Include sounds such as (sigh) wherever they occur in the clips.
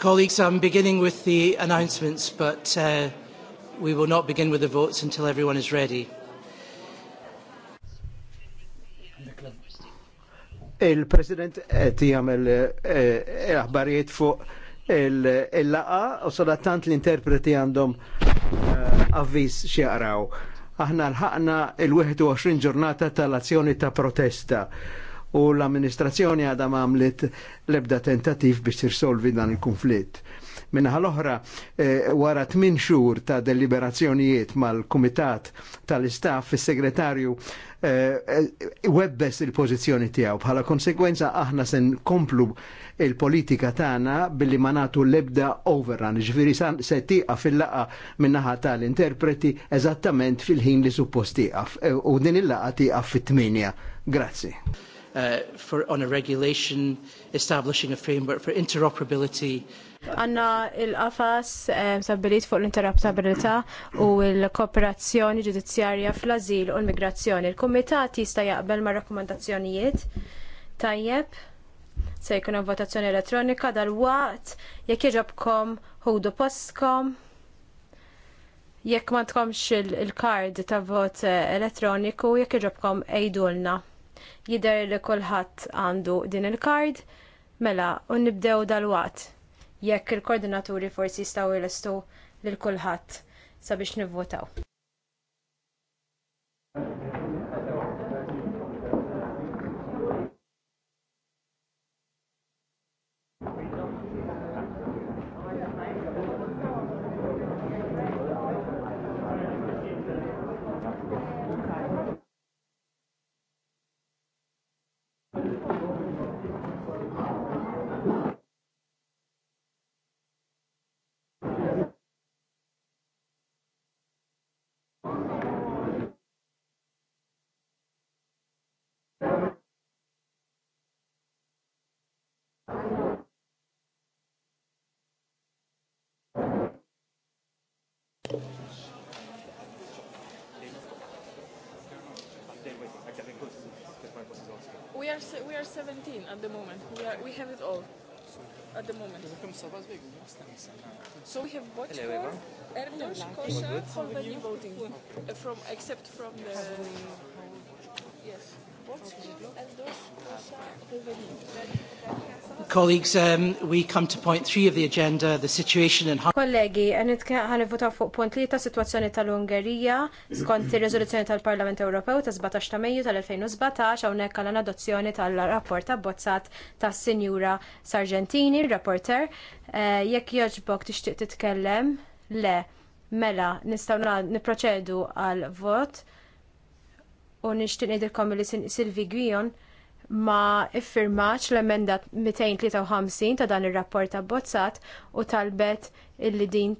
Colleagues, I'm beginning with the announcements, but uh, we will not begin with the votes until everyone is ready. Il-President ti għamil eh, aħbarijiet fuq il-laqa u sodattant l-interpreti għandhom eh, avviż xieqraw. Aħna l ħakna il-21 ġurnata tal-azzjoni ta' protesta u l-amministrazzjoni għadha għamlet l-ebda tentativ biex tirsolvi dan il-konflitt. Minna l-oħra, e, wara 8 xhur ta' deliberazzjonijiet mal-Kumitat tal-Istaff, is-Segretarju e, webbes il-pożizzjoni tiegħu. Bħala konsekwenza aħna se nkomplu il-politika tagħna billi ma nagħtu l-ebda overrun, ġifieri se tieqa fil-laqa minnaħa tal-interpreti eżattament fil-ħin li supposti tieqaf. U din il-laqa tieqaf fit-8. Grazzi uh, for, on a regulation establishing a framework for interoperability. Għanna il-qafas eh, sabbelit fuq l-interoperabilità u l-kooperazzjoni ġudizzjarja fl-azil u l-migrazzjoni. Il-Kumitat jista' jaqbel ma' rakkomandazzjonijiet tajjeb se jkun votazzjoni elettronika dal-waqt jekk jiġobkom ħudu postkom jekk ma tkomx il-kard ta' vot eh, elettroniku jekk jiġobkom ejdulna. Jidher li kulħadd għandu din il-kard, mela, u nibdew dal Jekk il-koordinaturi forsi jistgħu jilestu lil kulħadd sabiex nivvotaw. are we are 17 at the moment. We are we have it all at the moment. So we have Bochkor, Erdos, Kosha, Holbeni voting, uh, from except from the yes. Colleagues, um, we come to point three of the agenda, the situation in Hungary. Kollegi, għan vota fuq punt li ta' situazzjoni tal-Ungerija skont ir-riżoluzzjoni tal-Parlament Ewropew ta' 17 ta' Mejju tal-2017 hawnhekk għal adozzjoni tal-rapport abbozzat ta' Sinjura Sargentini, rapporter. Eh, jekk jogħġbok tixtieq titkellem, le, mela nistgħu niproċedu għal vot u nixtieq ngħidilkom li Silvi Gwion ma iffirmax l-emenda 253 ta' dan ir-rapport abbozzat u talbet illi din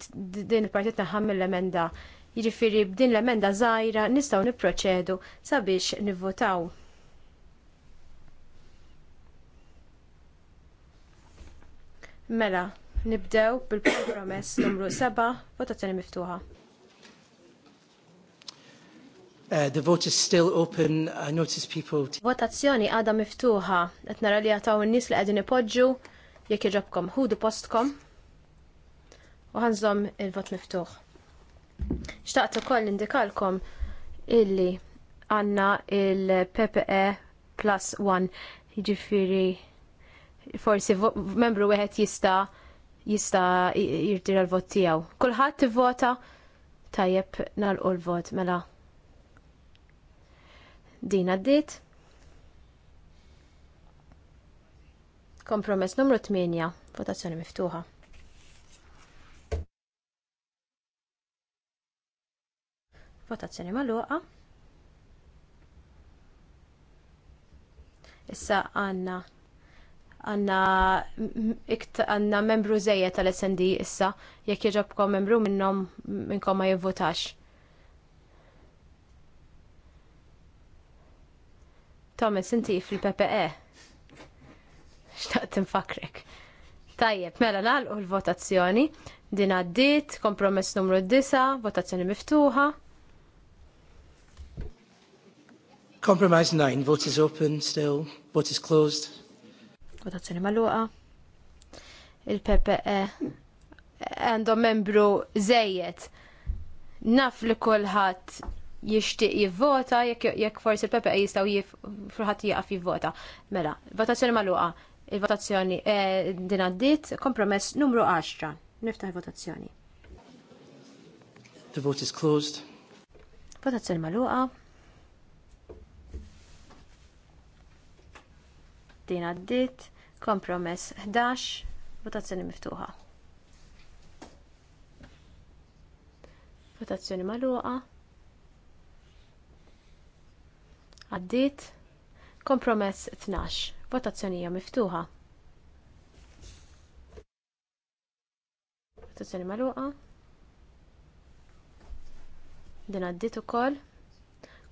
din il-partit ħammil l emenda Jiġifieri b'din l-emenda żgħira nistgħu nipproċedu sabiex nivvotaw. Mela, nibdew bil-kompromess numru 7, votazzjoni miftuħa. Uh, the vote is still open. I notice people... Votazzjoni għada miftuħa. Et nara li għataw n-nis li qegħdin ipoġġu jekk iġobkom ħudu postkom u ħanżom il-vot miftuħ. Xtaqt ukoll indikalkom illi għanna il-PPE plus 1 jiġifieri forsi membru wieħed jista' jista' jirtira l-vot tiegħu. Kulħadd ivvota tajjeb nagħlqu l-vot mela din għaddit. Kompromess numru 8, votazzjoni miftuħa. Votazzjoni maluqa. Issa għanna għanna għanna membru zejja tal-SND issa, jekk jġobkom membru minnom minnkom ma jivvotax. Thomas, inti fil-PPE. Xtaqt nfakrek. Tajjeb, mela nalqu l-votazzjoni. Din għaddit, kompromess numru 9, votazzjoni miftuħa. Compromise 9, vote is open still, vote is closed. Votazzjoni maluqa. Il-PPE għandhom membru zejjed. Naf li kolħat jixtieq jivvota jekk forsi l-Pepe jistgħu jifruħat jaqaf jivvota. Mela, votazzjoni magħluqa. Il-votazzjoni eh, din għaddiet kompromess numru 10. Niftaħ votazzjoni. The vote is closed. Votazzjoni magħluqa. Din għaddiet kompromess 11. Votazzjoni miftuħa. Votazzjoni magħluqa. Għaddit? Kompromess 12. Votazzjonija miftuħa. Votazzjoni magħluqa. Din għaddiet ukoll.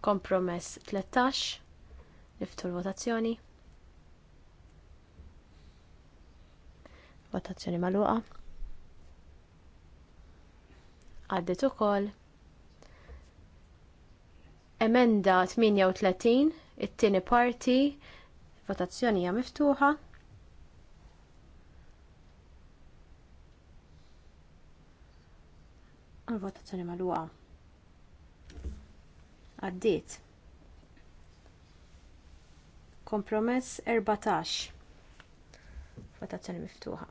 Kompromess 13. Niftu l-votazzjoni. Votazzjoni magħluqa. u ukoll Emenda 38, it-tieni parti, votazzjoni hija miftuħa. Votazzjoni magħluqa. Għaddiet. Kompromess 14. Votazzjoni miftuħa.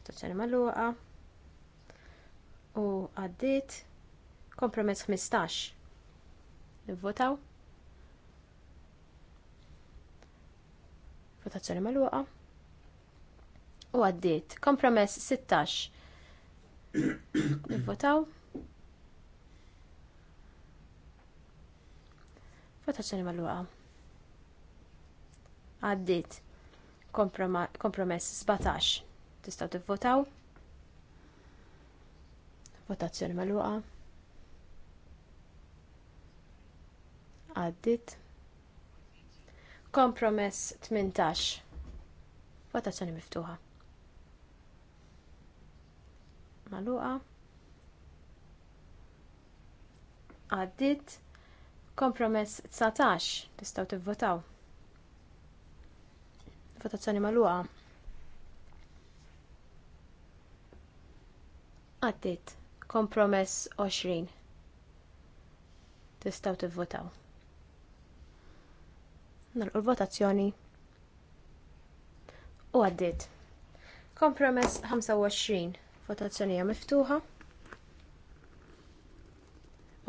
Votazzjoni magħluqa u għaddiet kompromess 15. Nivvotaw. Votazzjoni magħluqa. U għaddiet kompromess 16. (coughs) Nivvotaw. Votazzjoni magħluqa. Għaddit kompromess 17. Tistgħu tivvotaw. Votazzjoni magħluqa. Għaddit. Kompromess 18. Votazzjoni miftuħa. Magħluqa. Għaddit. Kompromess 19. t tivvotaw. Votazzjoni magħluqa. għaddit. Kompromess 20. Tistaw tivvotaw. Nalqu l-votazzjoni. U għaddit. Kompromess 25. Votazzjoni hija miftuħa.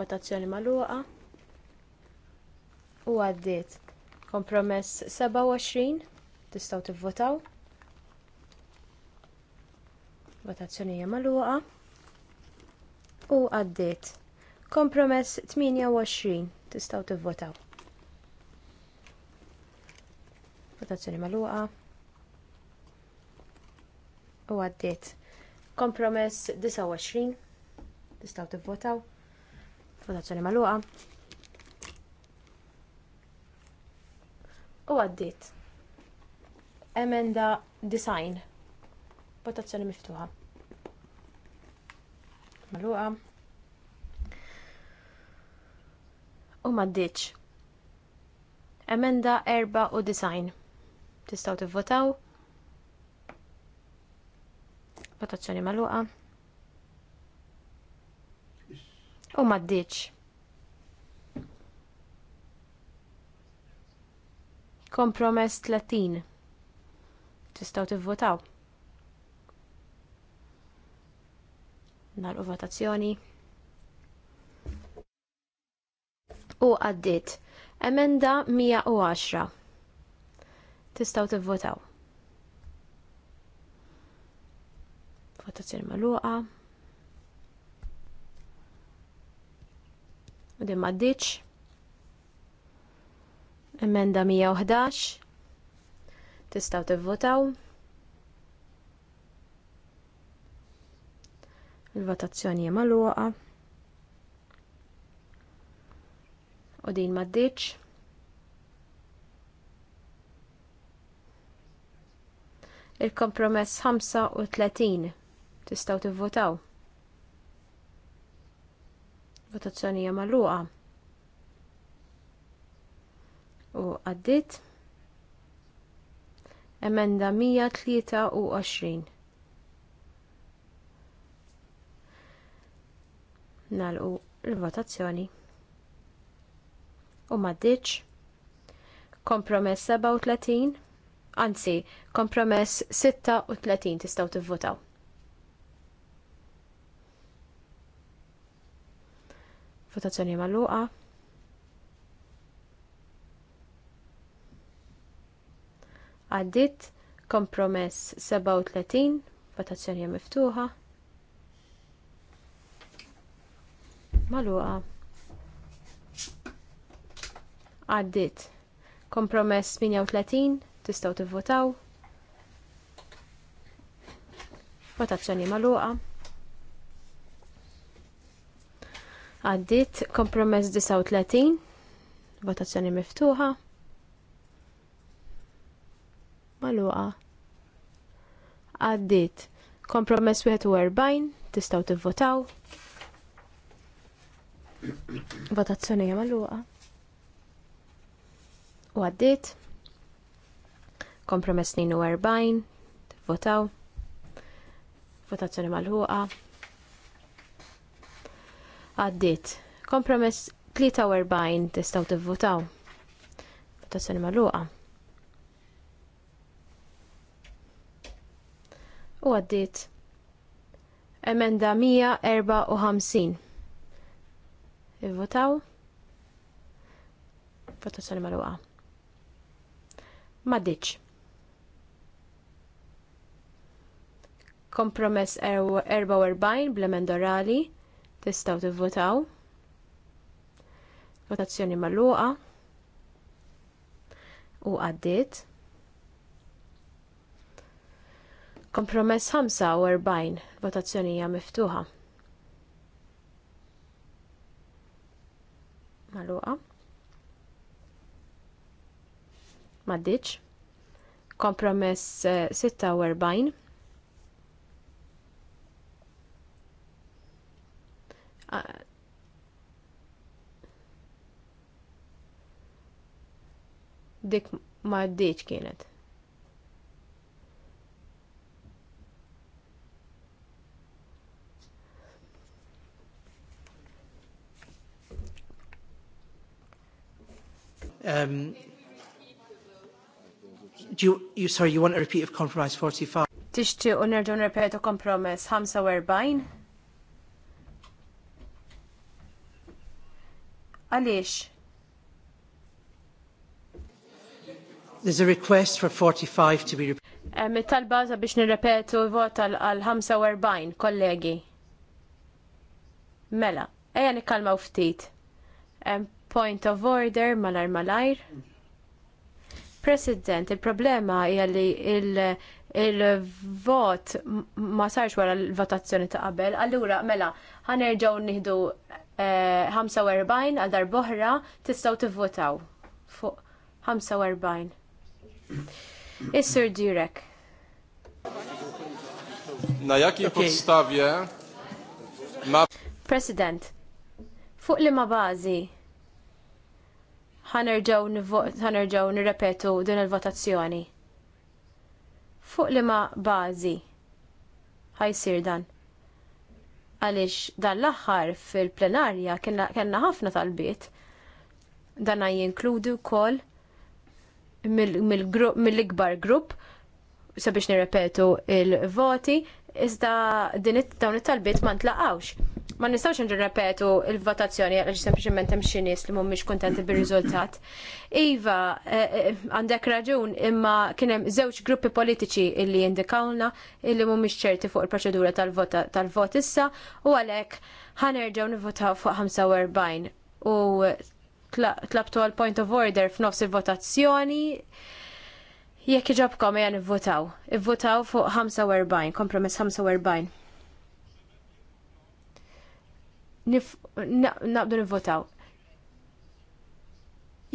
Votazzjoni magħluqa. U għaddit. Kompromess 27. Tistaw tivvotaw. Votazzjoni hija magħluqa u għaddiet. Kompromess 28 tistgħu tivvotaw. Votazzjoni magħluqa. U għaddiet. Kompromess 29 tistgħu tivvotaw. Votazzjoni magħluqa. U għaddiet. Emenda design. Votazzjoni miftuħa maluqa. U maddiċ. Emenda 4 u design. Tistaw tivvotaw. Votazzjoni maluqa. U maddiċ. Kompromess 30. Tistaw tivvotaw. nagħlqu votazzjoni. U għaddit, Emenda 110. Tistgħu tivvotaw. Votazzjoni magħluqa. U dim għaddiċ. Emenda 111. Tistgħu tivvotaw. Il-votazzjoni hija magħluqa. U din m'għaddiċ. Il-kompromess 35 tistgħu tivvotaw. Votazzjoni hija magħluqa. U għaddit emenda 123. nalqu il-votazzjoni. U maddiċ. Kompromess 37, anzi, kompromess 36 tistaw tivvotaw. Votazzjoni maluqa. Għaddit kompromess 37, votazzjoni miftuħa. Maluqa. Għaddit. Kompromess 38, tistgħu tivvotaw. Votazzjoni maluqa. Għaddit kompromess 39, votazzjoni miftuħa. Maluqa. Għaddit kompromess 41, tistgħu tivvotaw. Votazzjoni jamaluqa. U għaddit. Kompromess 42. Votaw. Votazzjoni malħuqa. Għaddit. Kompromess 43 tistaw tivvotaw. Votazzjoni malħuqa. U għaddit. Emenda 154 votaw Votazzjoni magħluqa. M'għaddiċ. Kompromess 44 bl-emend orali tistgħu tivvotaw. Votazzjoni magħluqa. U għaddiet. Kompromess 45 votazzjoni hija miftuħa. Maluqa. Maddiċ. Kompromess 46. Eh, ah. Dik maddiċ kienet. Um, do you, you, sorry, you want a repeat of compromise 45? Tixti u nerġu compromise kompromess 45. Alish. There's a request for 45 to be repeated. Mit-talba biex nirrepetu vot għal 45, kollegi. Mela, eja nikkalmaw ftit Point of order malar malajr. President, il-problema hija li il-vot ma sarx wara l-votazzjoni ta' qabel, allura mela ħanerġaw nihdu 45 eh, għal dar boħra tistgħu tivvotaw fuq 45. Is-Sur Direk. Na jaki podstawie ma President, fuq li ma bażi ħanerġaw nirrepetu din il-votazzjoni. Fuq li ma bazi ħajsir dan. Għalix dan l-axħar fil-plenarja kena ħafna tal-bit. Dan jinkludu kol mill-gbar grupp sabiex nirrepetu il-voti iżda din it-dawn it-talbiet ma ntlaqawx ma nistawx nirrepetu il-votazzjoni għaliex sempliċement hemm xi nies li mhumiex kuntenti bir-riżultat. Iva, eh, eh, għandek raġun imma kien hemm żewġ gruppi politiċi illi jindikawlna illi mhumiex ċerti fuq il-proċedura tal-vot issa u għalhekk ħanerġgħu nivvotaw fuq 45 u tlabtu għal point of order f'nofs il-votazzjoni jekk iġobkom ejja nivvotaw. Ivvotaw fuq 45, kompromess 45 naqdu nivvotaw.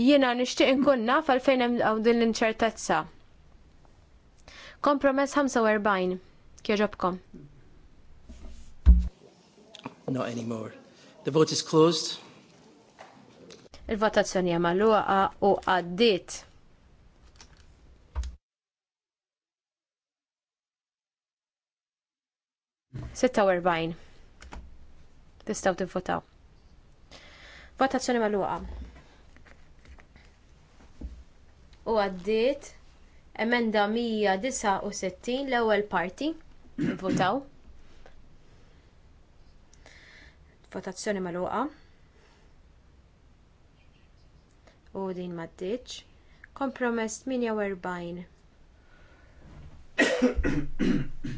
Jiena nixtieq inkun naf għalfejn hemm din l-inċertezza. Kompromess 45 kieġobkom. Not anymore. The vote is closed. Il-votazzjoni hemm magħluqa u għaddiet. Sitta 46. Tistaw tivvotaw. Votazzjoni mal-luqa. U għaddiet emenda 169 l-ewwel parti. Votaw. Votazzjoni magħluqa. U din maddiċ. Kompromess 48. (coughs)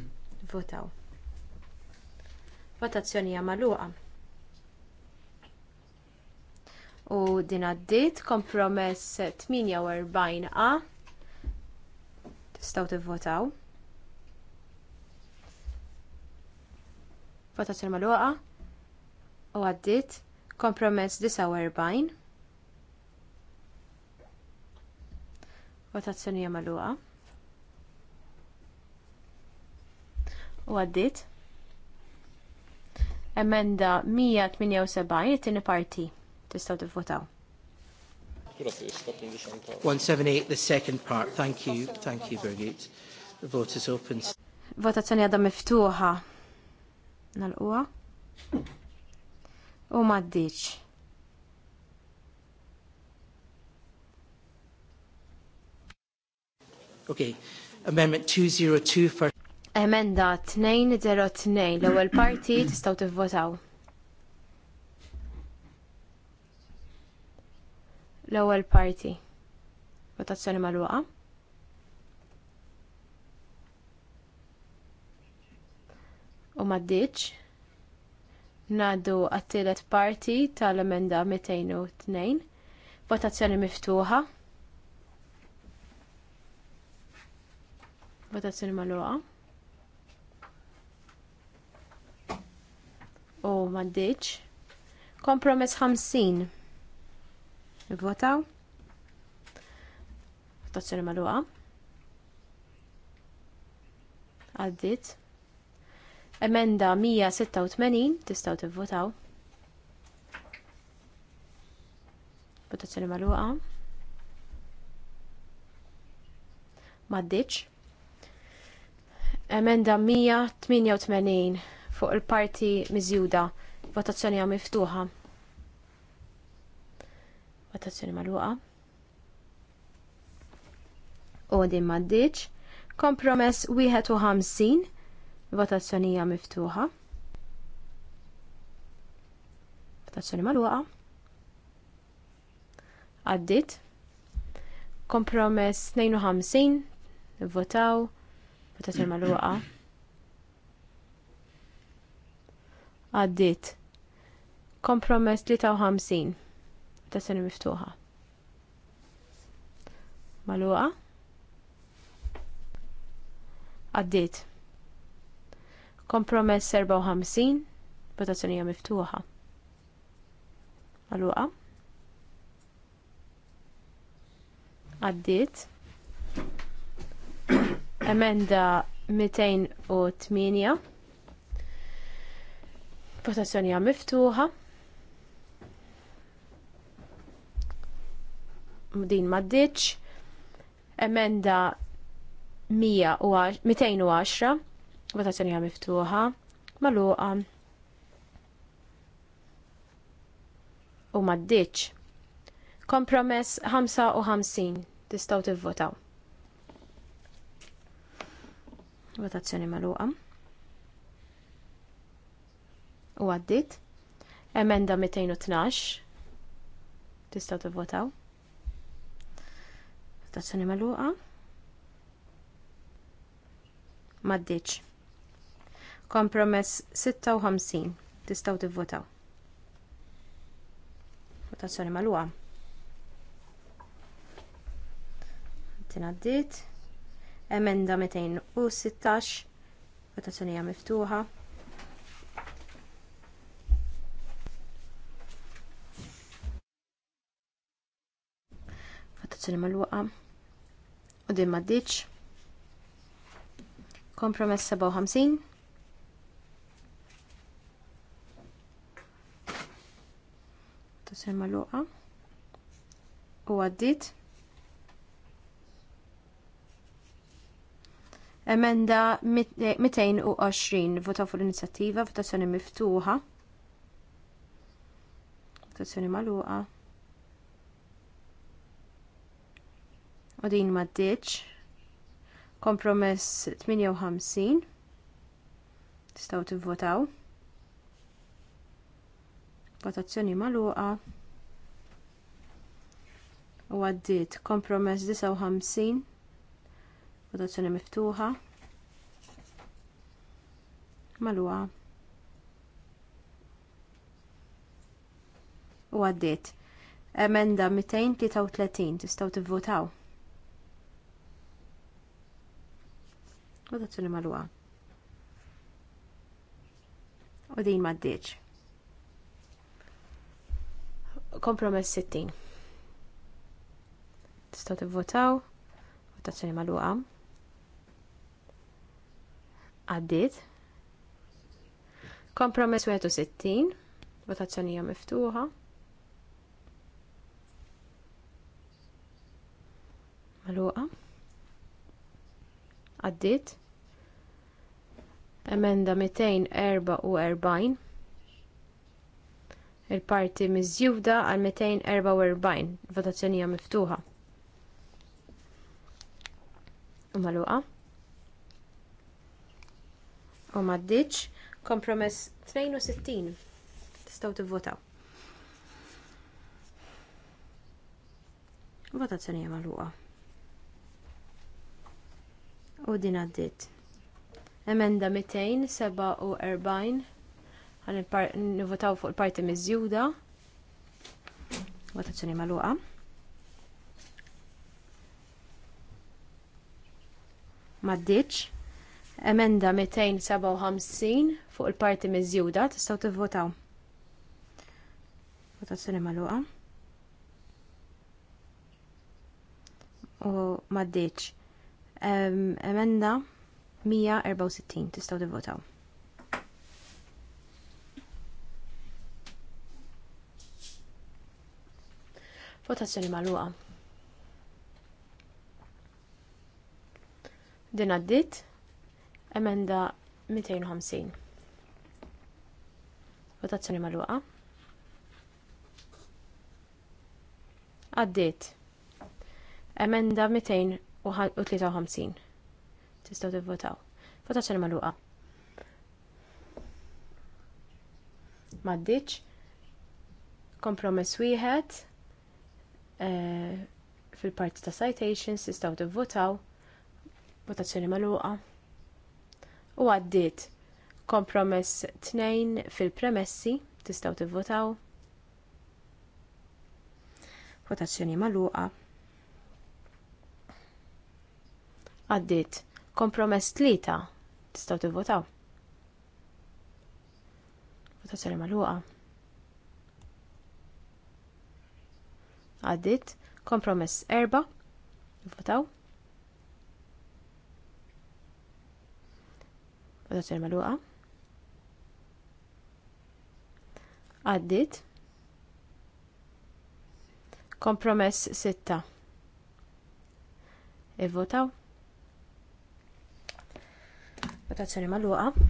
Votaw. Votazzjoni hija U din għaddiet kompromess 48 A. Tistgħu tivvotaw. Votazzjoni magħluqa. U għaddiet kompromess 49. Votazzjoni hija magħluqa. u għaddit. Emenda 178 it-tieni parti. Tistgħu tivvotaw. 178, the second part. Thank you, thank you, Birgit. The vote is open. Votazzjoni għadha miftuħa. Nal-qua? U maddiċ. Okay, Amendment 202 for... Emenda 202 l-ewwel parti tistgħu tivvotaw. L-ewwel parti. Votazzjoni magħluqa. U maddiċ. Ngħaddu għat-tielet parti tal-emenda 202. Votazzjoni miftuħa. Votazzjoni maluqa. u maddiċ. Kompromess 50. Votaw. Votazzjoni maluqa. Għaddit. Emenda 186 tistaw tivvotaw. Votazzjoni maluqa. Maddiċ. Emenda 188 fuq il-parti miżjuda. Votazzjoni għam miftuħa. Votazzjoni magħluqa. U din maddiċ. Kompromess wieħed u ħamsin. Votazzjoni għam miftuħa. Votazzjoni magħluqa. Għaddit. Kompromess 52. Votaw. Votazzjoni maluqa. għaddit. Kompromess 53 ta' sena miftuħa. Maluqa? Għaddit. Kompromess 54 votazzjonija miftuħa. Maluqa? Għaddit. Emenda 208 Votazzjoni miftuħa. Din maddiċ. Emenda 210. Votazzjoni miftuħa. Maluqa. U maddiċ. Kompromess 55 tistgħu tivvotaw. Votazzjoni maluqa u għaddit. Emenda 212. Tistaw tivvotaw. Votazzjoni magħluqa. Maddiċ. Kompromess 56. Tistaw tivvotaw. Votazzjoni magħluqa. Tinaddit. Emenda 216. Votazzjoni hija miftuħa. votazzjoni magħluqa u din maddiċ. Kompromess 57. Votazzjoni magħluqa u għaddit. Emenda 220 eh, vota fuq l-inizjattiva, votazzjoni miftuħa, votazzjoni maluqa. u din maddiċ. Kompromess 58. Tistaw tivvotaw. Votazzjoni magħluqa. U għaddit kompromess 59. Votazzjoni miftuħa. Magħluqa. U għaddiet. Emenda 233 tistaw tivvotaw. Votazzjoni malwa. U din m'għaddiex. Kompromess 60. Tistgħu tivvotaw. Votazzjoni Malwa. Għaddit. Kompromess 61, votazzjoni hija miftuħa. Maluqa. Għaddit. Emenda 244 il-parti miżjuda għal 244 votazzjonija miftuħa. U maluqa. U maddiċ, kompromess 62. Tistaw tivvotaw. Votazzjonija maluqa. U din għaddit. Emenda 247 għan nivotaw fuq il-parti miżjuda. Votazzjoni maluqa. Maddiċ. Emenda 257 fuq il-parti miżjuda tistgħu tivvotaw. Votazzjoni maluqa. U maddiċ. Emenda 164 tistgħu tivvotaw. Votazzjoni magħluqa. Din għaddit emenda 250. Votazzjoni magħluqa. Għaddiet. Emenda 253 tistgħu tivvotaw. Votazzjoni magħluqa. Maddiċ. Kompromess wieħed eh, fil-parti ta' citations tistgħu tivvotaw. Votazzjoni magħluqa. U għaddiet kompromess tnejn fil-premessi tistgħu tivvotaw votazzjoni magħluqa għaddiet Kompromess tlieta tistgħu tivvotaw. Votazzjoni magħluqa. Għaddit kompromess erba' votaw. Votazzjoni magħluqa. Għaddit kompromess sitta. Ivvotaw. Votazzjoni magħluqa.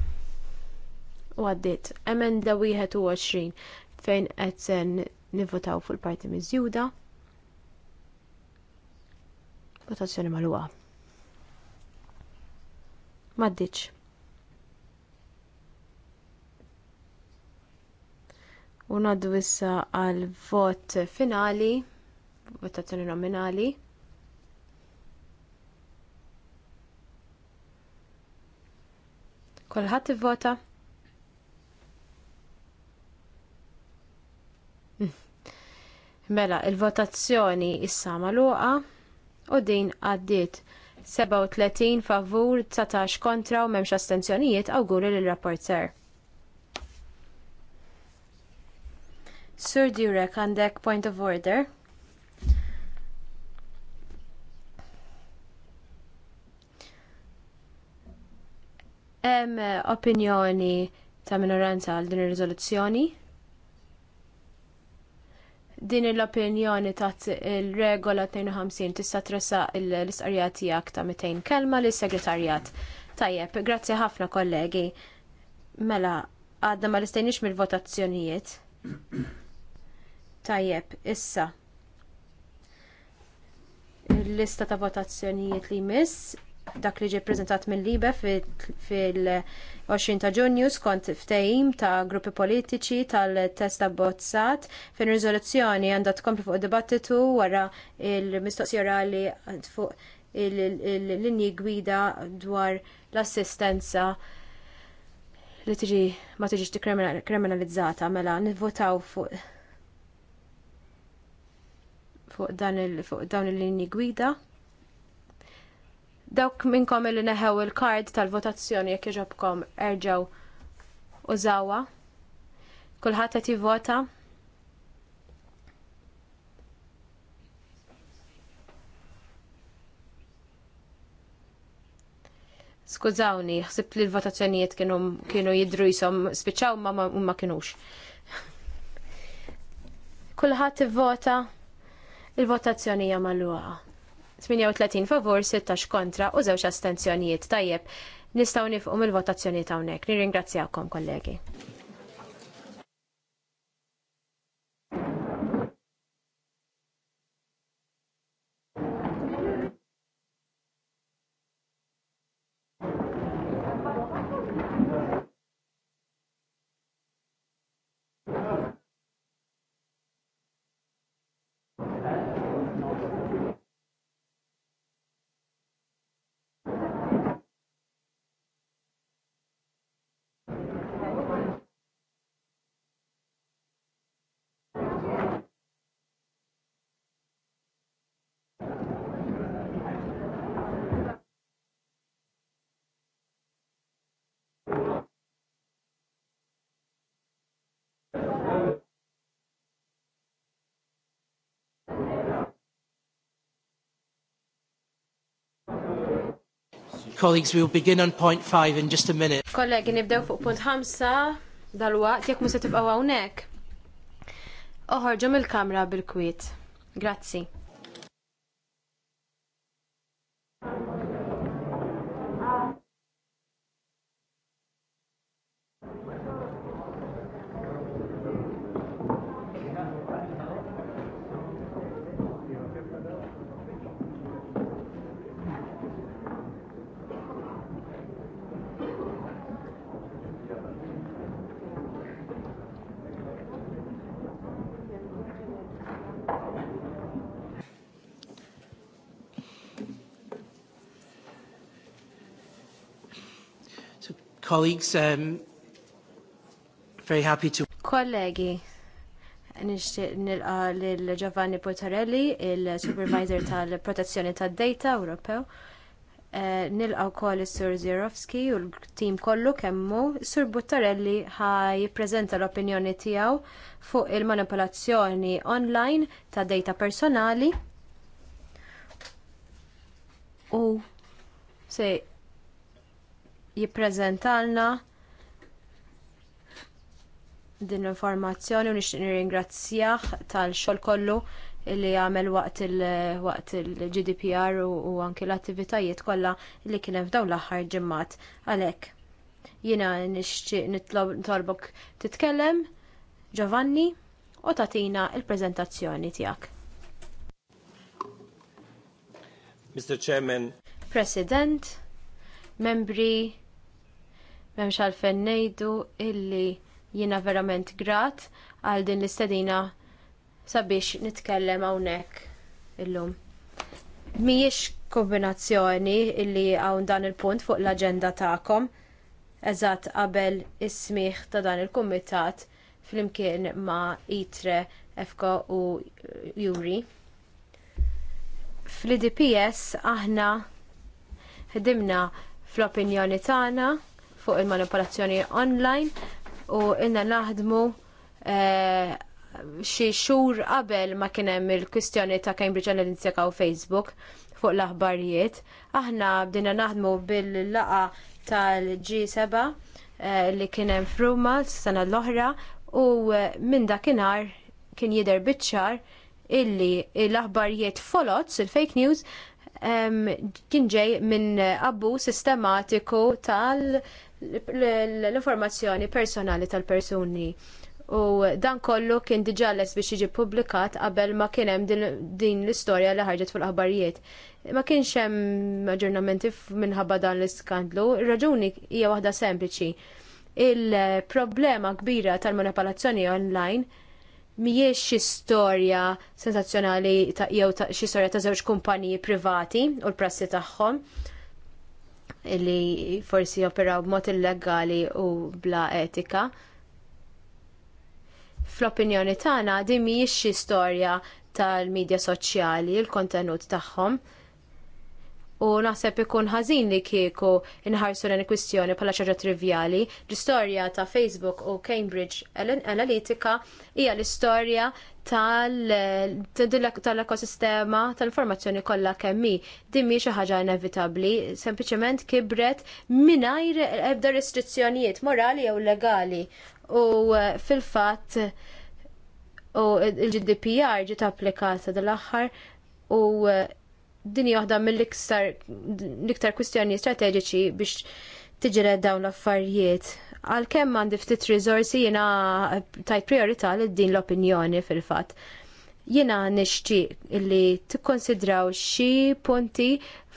U għaddiet emenda 21 fejn qed nivvotaw fuq il-parti miżjuda. Votazzjoni magħluqa. M'għaddiċ. U ngħaddu issa għal vot finali, votazzjoni nominali. Kolħat vota mm. Mela, il-votazzjoni issa magħluqa u din għaddiet 37 favur, 19 kontra u m'hemmx astenzjonijiet awguri rapport rapporter Sur Durek, għandek point of order. Hemm eh, opinjoni ta' minoranza għal din ir-riżoluzzjoni. Din l-opinjoni ta' il-regola 52 tista' tressa l-istqarrija tiegħek ta' 200 kelma lis segretarjat Tajjeb, grazzi ħafna kollegi. Mela, għadna ma l mill-votazzjonijiet. Tajjeb, issa. Il-lista ta' votazzjonijiet li jmiss dak li ġie prezentat mill-libe fil-20 ta' ġunju skont ftehim ta' gruppi politiċi tal-testa bozzat fin riżoluzzjoni għandha tkompli fuq dibattitu wara il-mistoqsija orali fuq il-linji gwida dwar l-assistenza li tiġi ma tiġi kriminalizzata mela nivvotaw fuq fuq dawn il-linji gwida. Dawk minnkom li neħew il-kard tal-votazzjoni jekk iġobkom erġaw użawa. Kulħadd qed jivvota. Skużawni, ħsibt li l-votazzjonijiet kienu, kienu jidru jisom spiċaw ma ma, ma kienux. Kulħadd ivvota il votazzjoni mal 38 favor, 16 kontra u żewġ astenzjonijiet. Tajjeb, nistgħu nifqu mill-votazzjoni ta' hawnhekk. Nirringrazzjakom kollegi. Colleagues, we'll begin on point five in just a minute. Kollegi, nibdew fuq punt ħamsa, dal-waqt, jekk musa tibqaw hawnhekk. Oħorġu mill-kamra bil-kwiet. Grazzi. Colleagues, um, very happy to... Kollegi, nishtiq nilqa lil Giovanni Portarelli, il-Supervisor tal-Protezzjoni tad-Data Ewropew. Eh, nilqa koll il sur Zirovski u l-tim kollu kemmu. Sur Buttarelli ħa jippreżenta l-opinjoni tiegħu fuq il-manipolazzjoni online ta' data personali u se jippreżentalna din l-informazzjoni u nixtieq nirringrazzjah tal-xogħol kollu li għamel waqt il-GDPR u anki l-attivitajiet kollha li kien hemm f'dawn l-aħħar ġimgħat għalhekk. Jiena nixtieq nitolbok titkellem Giovanni u tagħtina l-preżentazzjoni tiegħek. Mr. Chairman. President membri memx għalfen nejdu illi jina verament grat għal din l-istadina sabiex nitkellem hawnhekk illum. Mhijiex kombinazzjoni illi hawn dan il-punt fuq l-aġenda tagħkom eżatt qabel is ta' dan il-kumitat flimkien ma' Itre, Efko u Juri. fl dps aħna ħdimna fl-opinjoni tagħna fuq il-manipolazzjoni online u inna naħdmu eh, xi xhur qabel ma kien hemm il-kwistjoni ta' Cambridge Analytica u Facebook fuq l-aħbarijiet. Aħna bdina naħdmu bil-laqa tal-G7 eh, li kien hemm f'Ruma s-sena l-oħra u eh, minn dakinhar kien jidher biċ-ċar illi l-aħbarijiet folots, il-fake news, kien ġej minn abbu sistematiku tal-informazzjoni personali tal-persuni. U dan kollu kien diġà les biex jiġi publikat qabel ma kien hemm din l-istorja li ħarġet fil-aħbarijiet. Ma kienx hemm aġġornamenti minħabba dan l-iskandlu, ir-raġuni hija waħda sempliċi. Il-problema kbira tal-manipolazzjoni online mhijiex xi storja sensazzjonali ta' jew ta' xi storja ta' żewġ kumpaniji privati u l-prassi tagħhom li forsi operaw b'mod illegali u bla etika. Fl-opinjoni tagħna din mhijiex xi storja tal-medja soċjali, il-kontenut tagħhom u naħseb ikun ħażin li kieku inħarsu l kwistjoni bħala ċaġa trivjali. L-istorja ta' Facebook u Cambridge Analytica hija l-istorja tal-ekosistema tal-informazzjoni kollha kemmi. Din mhi xi ħaġa inevitabbli, sempliċement kibret mingħajr ebda restrizzjonijiet morali jew legali. U eh, fil-fatt u l-GDPR ġiet applikata dal-aħħar u eh, din joħda mill-iktar kwistjoni strateġiċi biex tiġred dawn l-affarijiet. Għalkemm għandi ftit riżorsi jiena tajt priorità lil din l-opinjoni fil-fatt. Jiena nixtieq illi tikkonsidraw xi punti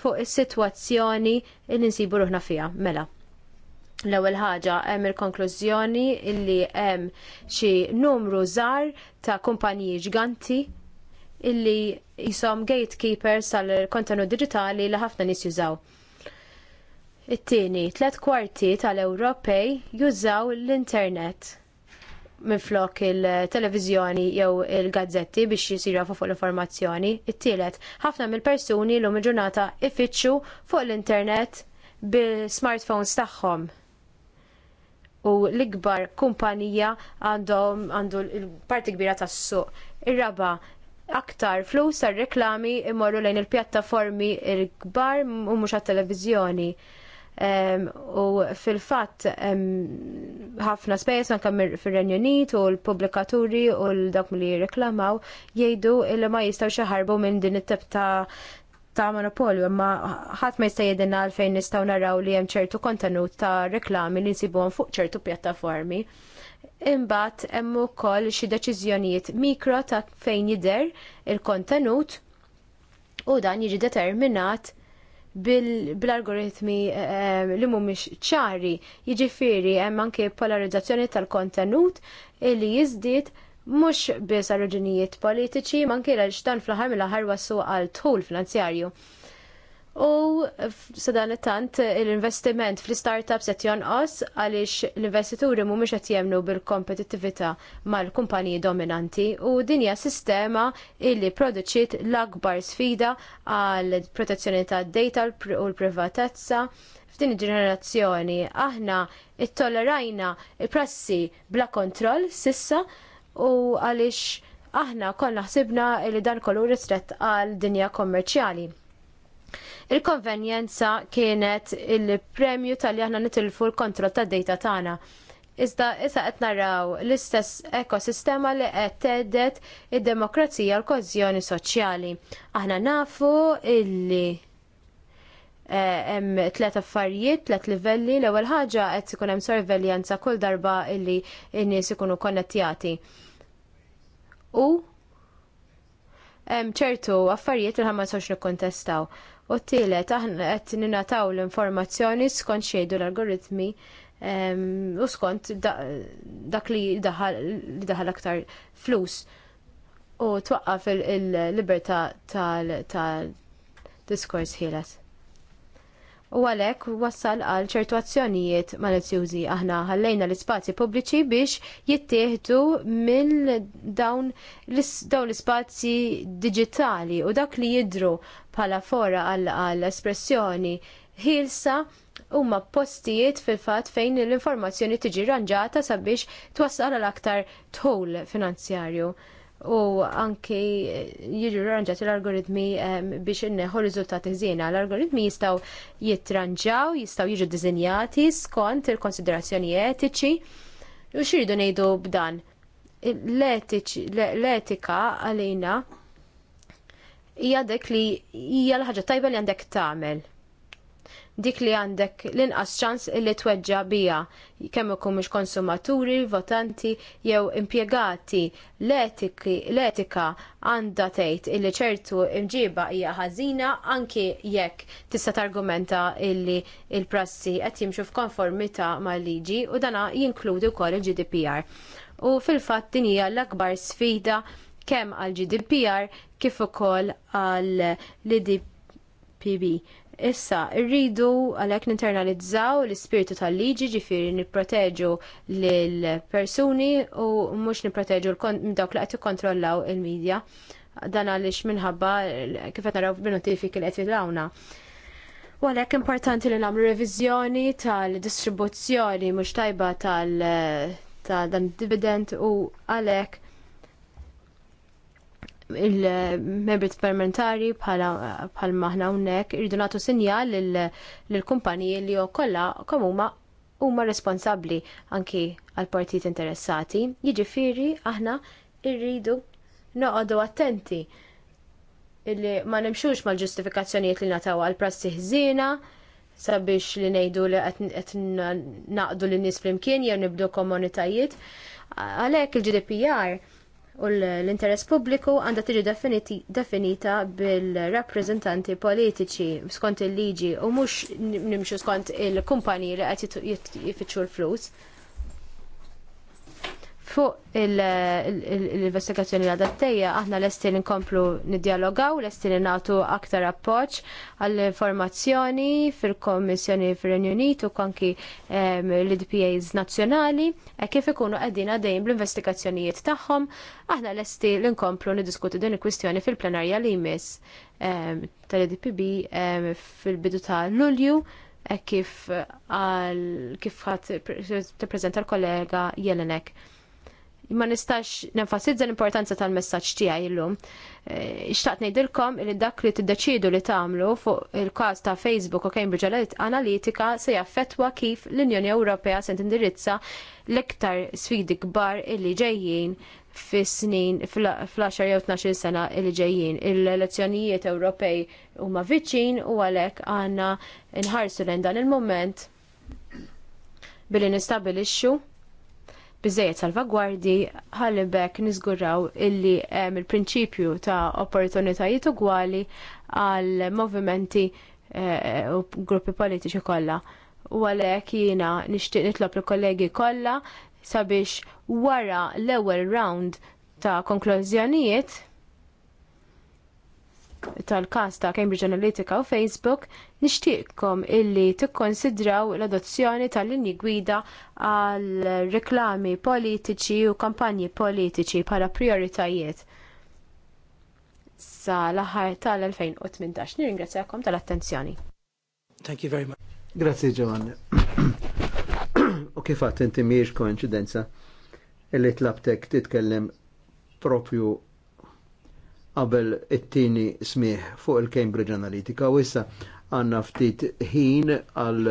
fuq is-sitwazzjoni li nsibu ruħna fiha mela. L-ewwel ħaġa hemm il-konklużjoni illi hemm xi numru żgħar ta' kumpaniji ġganti illi jisom gatekeepers tal kontenut digitali li ħafna nis jużaw. It-tieni, tlet kwarti tal-Ewropej jużaw l-internet minflok il-televizjoni jew il-gazzetti biex jisira fuq l-informazzjoni. It-tielet, ħafna mill-persuni l-lum ġurnata ifittxu fuq l-internet bil-smartphones tagħhom u l-ikbar kumpanija għandhom għandu l-parti kbira tas-suq. Ir-raba aktar flus għal reklami imorru lejn il-pjattaformi il-kbar u mhux għat televizjoni u fil-fatt ħafna spejjeż anke fir-Renju Unit u l-pubblikaturi u l-dawk li jirreklamaw jgħidu li ma jistgħu xaħarbu minn din it-teb ta' ta' monopolju, imma ħadd ma jista' jedinna għalfejn nistgħu naraw li hemm ċertu kontenut ta' reklami li nsibuhom fuq ċertu pjattaformi. Imbagħad hemm ukoll xi deċiżjonijiet mikro ta' fejn jidher il-kontenut u dan jiġi determinat bil-algoritmi eh, li mhumiex ċari. Jiġifieri hemm anke polarizzazzjoni tal-kontenut li jiżdied mhux biss għal raġunijiet politiċi, ma anke għaliex dan fl-aħħar mill-aħħar wassu għal tħul finanzjarju. U sadan tant eh, l-investiment fl-startups qed jonqos għaliex l-investituri mhumiex qed jemnu bil-kompetittività mal-kumpaniji dominanti u din hija sistema illi produċiet l-akbar sfida għal protezzjoni tad-data u l-privatezza f'din il-ġenerazzjoni. Aħna it-tollerajna prassi bla kontroll sissa u għaliex aħna konna ħsibna li dan kollu ristret għal dinja kommerċjali Il-konvenjenza kienet il-premju tal-li aħna nitilfu l kontrol tad dejta tagħna. Iżda issa qed naraw l-istess ekosistema li qed tedet id-demokrazija l kozzjoni soċjali. Aħna nafu illi eh, hemm tliet affarijiet, tliet livelli, l-ewwel ħaġa qed ikun hemm sorveljenza kull darba illi n-nies ikunu konnettjati. U hemm ċertu affarijiet li ħamma sox nikkontestaw. U t-tielet, aħna qed ninataw l-informazzjoni skont xejdu l-algoritmi u skont dak li daħal aktar flus. U twaqqaf il-libertà tal-diskors ħieles u għalhekk wassal għal ċertu azzjonijiet Aħna ħallejna l spazji pubbliċi biex jittieħdu minn dawn l spazji digitali u dak li jidru bħala fora għal espressjoni ħilsa huma postijiet fil-fatt fejn l-informazzjoni tiġi ranġata sabiex twassal għal aktar tħul finanzjarju u anki jiġu ranġat l-algoritmi biex inneħu riżultati zina. L-algoritmi jistgħu jitranġaw, jistgħu jiġu dizinjati skont il-konsiderazzjoni etiċi u xiridu ngħidu b'dan. L-etika għalina hija dik li hija l-ħaġa tajba li għandek tagħmel dik li għandek l-inqas ċans li tweġġa bija kemm ikun mhux konsumaturi, votanti jew impjegati l-etika għandha tgħid illi ċertu imġiba hija ħażina anki jekk tista' targumenta illi l prassi qed jimxu f'konformità mal-liġi u dana jinkludi wkoll il-GDPR. U fil-fatt din hija l-akbar sfida kemm għal GDPR kif ukoll għal idpb Issa, rridu għalhekk ninternalizzaw l-ispirtu tal-liġi ġifieri nipproteġu l-persuni u mhux nipproteġu dawk li qed kontrollaw il-medja. Dan għaliex minħabba kif qed naraw bil-notifiki li qed jilawna. U għalhekk importanti li nagħmlu reviżjoni tal-distribuzzjoni mhux tajba tal- ta' dan dividend u għalhekk il-membri parlamentari bħal maħna unnek irridu nagħtu sinjal lill-kumpaniji li kollha kemm huma huma responsabbli anki għal partit interessati. Jiġifieri aħna rridu noqogħdu attenti illi ma nimxux mal-ġustifikazzjonijiet li nataw għal prassi ħżiena sabiex li ngħidu li qed naqdu lin nies flimkien jew nibdu komunitajiet. Għalhekk il-GDPR u l-interess pubbliku għandha tiġi definita bil-rappreżentanti politiċi skont il-liġi u mhux nimxu skont il-kumpaniji li qed jifittxu l-flus. Fuq l-investigazzjoni għadha aħna l-estin nkomplu dialogaw l-estin natu aktar appoċ għall informazzjoni fil komissjoni fil-Renju Unitu, konki l-DPAs nazjonali, kif ikunu għedin għadin bl-investigazzjonijiet tagħhom, aħna l estin l-inkomplu nidiskutu din il-kwistjoni fil-plenarja li jmiss tal dpb fil-bidu ta' Lulju kif għal kif għat t-prezenta l-kollega Jelenek ma nistax nenfasizza l-importanza tal-messaġġ tiegħi illum. Eh, Xtaqt ngħidilkom li dak li tiddeċidu li tagħmlu fuq il-każ ta' Facebook u Cambridge Analytica se jaffettwa kif l-Unjoni Ewropea se tindirizza l-iktar sfidi kbar illi ġejjin fis-snin fl-10 jew 12 sena li ġejjin. Il-elezzjonijiet Ewropej huma viċin u għalhekk għandna nħarsu lejn dan il mument billi nistabilixxu biżejjed salvagwardi ħallibek nizguraw niżguraw illi hemm il-prinċipju ta' opportunitajiet ugwali għal movimenti eh, u gruppi politiċi kollha. U għalhekk jiena nixtieq nitlob il-kollegi kollha sabiex wara l-ewwel round ta' konklużjonijiet tal-kas ta' Cambridge Analytica u Facebook, nixtieqkom illi tikkonsidraw l-adozzjoni tal-linji gwida għal reklami politiċi u kampanji politiċi bħala prioritajiet sa l ħar tal-2018. Niringrazzjakom tal-attenzjoni. Thank you very much. Grazie Giovanni. u kif għat inti miex koincidenza illi tlabtek titkellem propju qabel it-tieni smieħ fuq il-Cambridge Analytica u issa għanna ftit ħin għal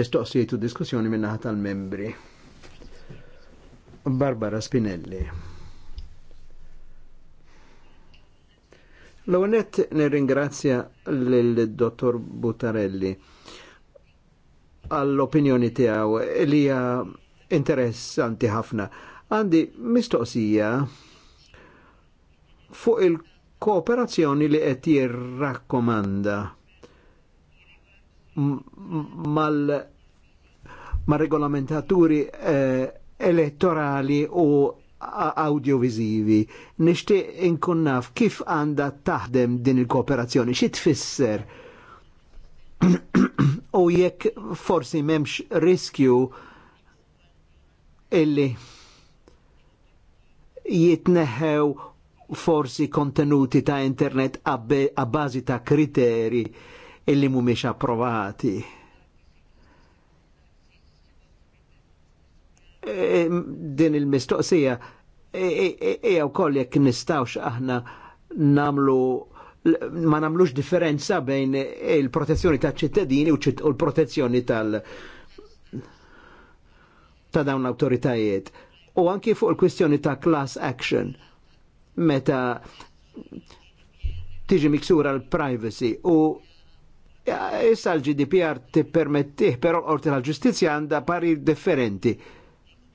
mistoqsijiet u diskussjoni minnaħat tal-membri. Barbara Spinelli. L-għonet nirringrazzja l-dottor Butarelli għall-opinjoni tijaw li interessanti ħafna. Għandi mistoqsija fuq il-kooperazzjoni li qed jirrakkomanda mal ma' regolamentaturi eh, elettorali u audiovisivi. Nixtieq inkun naf kif għandha taħdem din il-kooperazzjoni, xi tfisser (clears throat) u jekk forsi memx riskju illi jitneħew forsi kontenuti ta' internet bazi ta' kriteri illi mumiex approvati. E, e din il-mistoqsija hija e, wkoll e, jekk nistawx aħna namlu ma namlux differenza bejn il-protezzjoni ta' ċittadini u l-protezzjoni tal- ta' dawn l-autoritajiet. U anki fuq il-kwistjoni ta' class action meta tiġi miksura l-privacy u issa l-GDPR permettih, però l orti l-ġustizja għanda pari differenti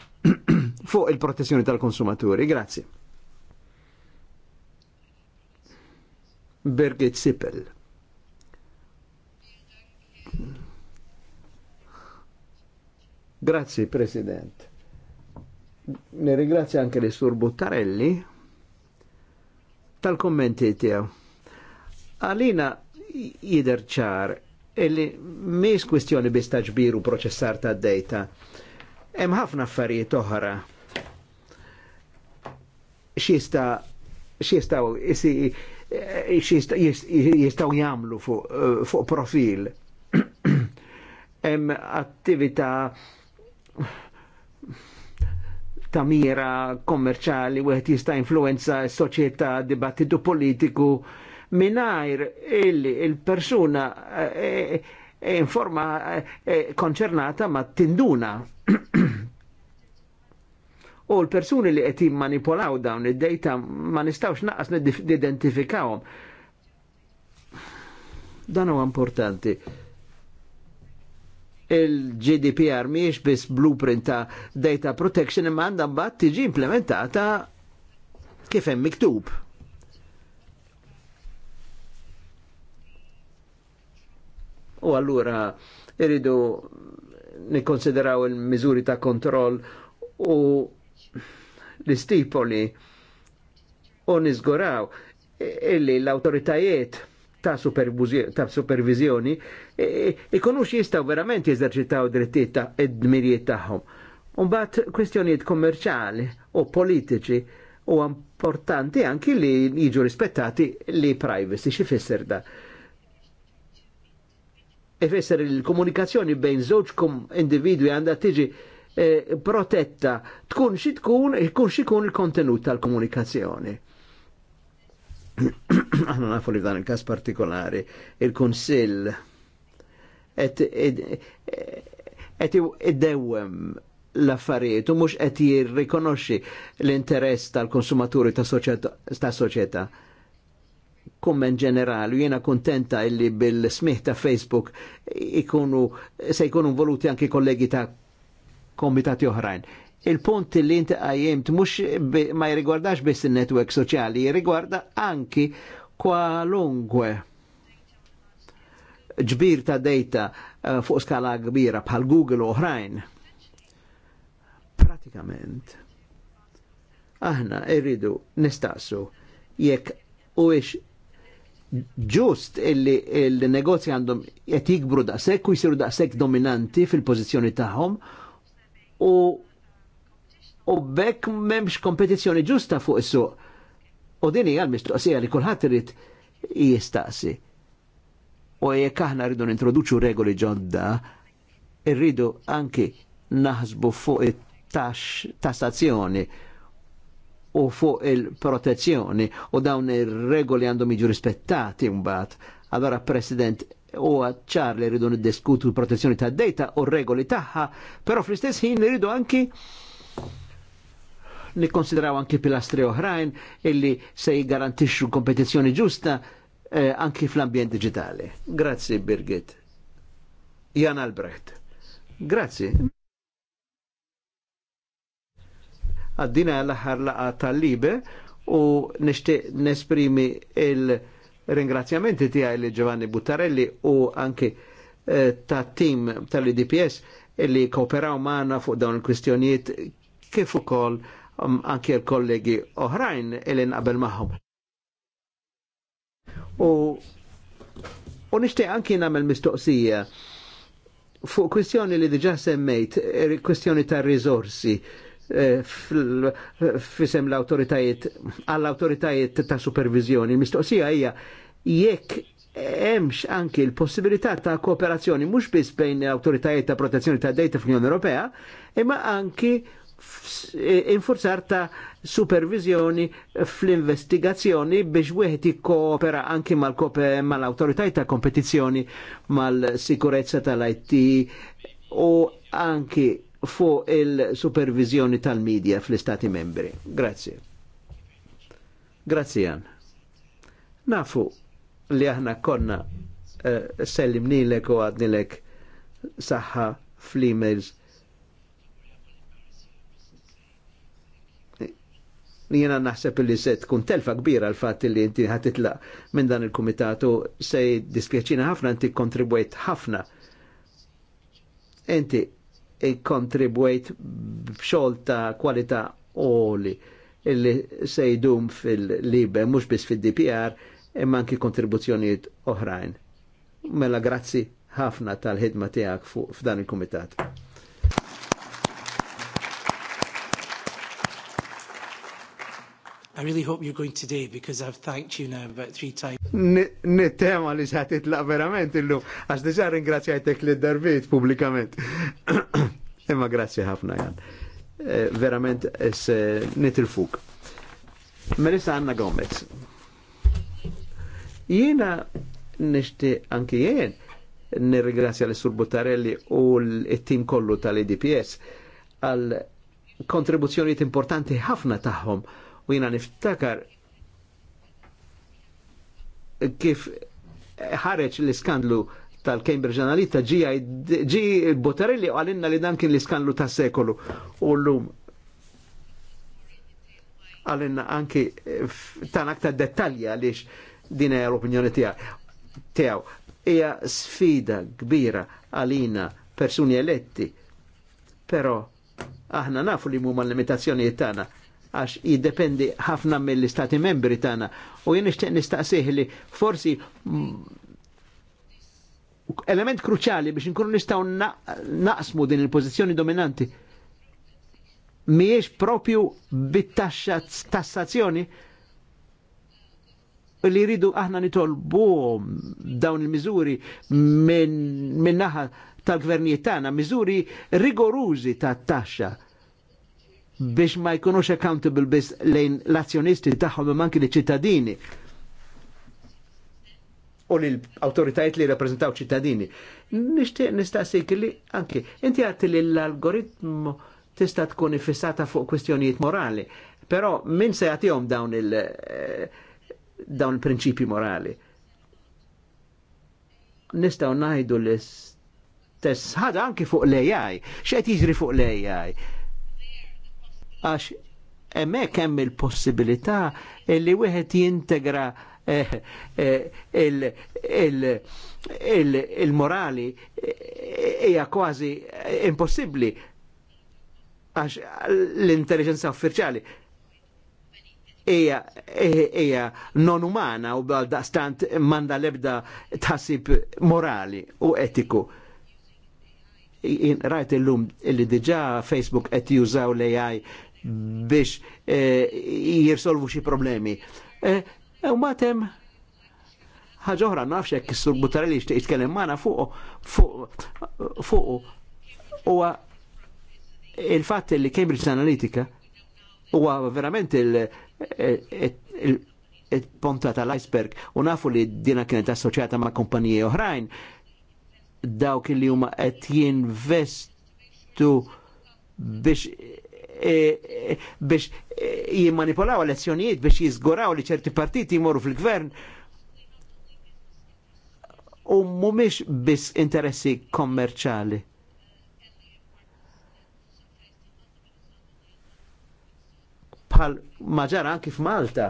(clears throat) fuq il-protezzjoni tal-konsumaturi. Grazie. Birgit Sippel. Grazie President. Ne ringrazio anche le Sur Buttarelli tal-kommenti tijaw. Għalina jider ċar illi mis kwistjoni biss ta' ġbiru proċessar ta' data. Hemm ħafna affarijiet oħra. Xista xistaw jistaw jamlu fuq profil. (clears throat) Hemm attività ta' mira kommerċali u jista' influenza s-soċieta dibattitu politiku minajr illi il-persuna e, eh, e eh, forma e, eh, konċernata ma tinduna. u l-persuni li qed manipolaw dawn id-dejta ma nistawx naqas nidentifikawhom. Dan huwa importanti il-GDPR miex bis blueprint ta' data protection imma għanda mbagħad tiġi implementata kif hemm miktub. U allura iridu nikkonsideraw il-miżuri ta' kontroll u l-istipoli u nizguraw illi l-autoritajiet ta' supervizjoni e, ikunu jistaw verament jeżerċitaw drittiet ta' id-dmirijiet tagħhom. Umbat kwestjonijiet kommerċali u politiċi u importanti anki li jiġu rispettati li privacy xi fisser da. Ifisser e il-komunikazzjoni bejn żewġkom individwi għandha tiġi e, protetta tkun xi tkun ikun xi jkun il-kontenut tal-komunikazzjoni għanna (clears throat) nafu li dan il-kas partikolari, il-Konsil id-dewem l-affarijiet u mhux qed jirrikonoxxi l-interess tal-konsumaturi ta' soċieta. Kummen ġenerali, jiena kontenta illi bil-smih ta' Facebook ikunu se jkunu voluti anki kollegi ta' komitati oħrajn il-punt li inti għajjimt mux ma jirigwardax biss il-netwerk soċjali, jirigwarda anki kwalunkwe ġbir ta' data eh, fuq skala kbira bħal Google u oħrajn. Pratikament, aħna irridu nistaqsu jekk u ix ġust illi il-negozji għandhom qed jikbru sekk u jsiru daqshekk dominanti fil-pożizzjoni tagħhom u u bekk memx kompetizjoni ġusta fuq is-suq. U din hija l-mistoqsija li kulħadd irid jistaqsi. U jekk aħna rridu nintroduċu regoli ġodda, irridu anki naħsbu fuq it-tassazzjoni u fuq il-protezzjoni u dawn ir-regoli għandhom jiġu rispettati mbagħad. Allora President u ċar li rridu niddiskutu l-protezzjoni tad dejta u r regoli tagħha, però fl-istess ħin rridu anki nikkonsidraw anki pilastri oħrajn illi se jgarantixxu kompetizzjoni ġusta eh, anki fl-ambjent digitali. Grazzi Birgit. Jan Albrecht. Grazzi. Għaddina l-aħħar laqa tal-libe u nishtiq nesprimi il-ringrazzjamenti tiegħi li Giovanni Buttarelli u anki eh, ta' tim tal-IDPS illi kooperaw maħna fuq dawn il-kwistjonijiet kif ukoll Um, anki l-kollegi oħrajn il qabel maħom. U, u nishtiq anki namel mistoqsija fuq kwistjoni li diġa semmejt, er, kwistjoni ta' rizorsi eh, fisem l-autoritajiet, għall-autoritajiet ta' supervizjoni. Mistoqsija hija jekk hemmx anki l-possibilità ta' kooperazzjoni mhux biss bejn autoritajiet ta' protezzjoni ta' dejta fl-Unjoni Ewropea, imma anki infurzar ta' supervizjoni fl-investigazzjoni biex wieħed jikkoopera anki mal-autoritajiet ta' kompetizzjoni mal-sikurezza tal-IT u anki fuq il-supervizjoni tal-medja fl-Istati membri. Grazie. Grazie Jan. Nafu li aħna konna uh, sellimnilek u għadnilek saħħa fl-emails li jena naħseb li se tkun telfa kbira l fatt li inti ħatitla minn dan il-komitatu se dispjaċina ħafna inti kontribwejt ħafna. Inti kontribwejt b'xogħol ta' kwalità oli illi se jdum fil-libe, mhux biss fil-DPR, imma anki kontribuzzjonijiet oħrajn. Mela grazzi ħafna tal-ħidma tiegħek f'dan il-komitat. I really hope you're going today because I've thanked you now about three times. Nittema li xħat itlaq verament illu. għax diġa ringrazzjajtek li darbit publikament. (clears throat) Imma grazzi ħafna jan. Eh, verament es eh, il-fuk. Melissa Anna Gomez. Jena nishti anki jen nirringrazzja l sur Buttarelli u l team kollu tal-EDPS għal kontribuzzjoniet importanti ħafna taħħom U jina niftakar kif ħareċ l-iskandlu tal-Cambridge Analytica ġi Botarelli u għalinna li dan kien l-iskandlu ta' sekolu u l-lum għalinna anki ta' aktar dettalji għaliex din hija l-opinjoni tiegħu tiegħu hija sfida kbira għalina persuni eletti però aħna nafu li huma l-limitazzjonijiet tagħna għax jiddependi ħafna mill-istati membri tagħna. U jien nixtieq nistaqsih li forsi element kruċali biex nkunu nistgħu naqsmu din il-pożizzjoni dominanti miex propju bit-tassazzjoni taxxa li jridu aħna nitolbuhom dawn il-miżuri minn min naħa tal-gvernijiet tagħna, miżuri rigorużi tat-taxxa. Ta biex ma jkunux accountable biex lejn l-azzjonisti tagħhom manki anki ċittadini u li l-autoritajiet li rappresentaw ċittadini. Nishtiq nistaqsik li anki, inti għatti li l-algoritmu tista' tkun ifissata fuq kwestjonijiet morali, però min se jagħtihom dawn il- eh, dawn il-prinċipi morali. Nistgħu ngħidu l-istess ħaġa anki fuq l-AI, x'qed jiġri fuq l-AI għax hemmhekk hemm il-possibilità li wieħed jintegra eh, eh, il-morali eh, hija kważi impossibbli għax l-intelligenza uffiċjali hija non umana u bħal daqstant manda lebda tħassib morali u etiku rajt il-lum li diġa Facebook et jużaw l-AI biex e, jirsolvu xi problemi. E, e, u matem ħagħoħra nafx jekk s-sur Butarelli jishtiq jitkellem magħna fuq fuq huwa il-fatt li Cambridge Analytica huwa verament il-ponta tal-iceberg u nafu li dina kienet assoċjata ma' kumpaniji oħrajn dawk li huma qed jinvestu biex E, e, biex e, jimmanipolaw elezzjonijiet biex jizguraw li ċerti partiti jimorru fil-gvern u mumiex biss interessi kommerċali. Pal maġar anki f'Malta.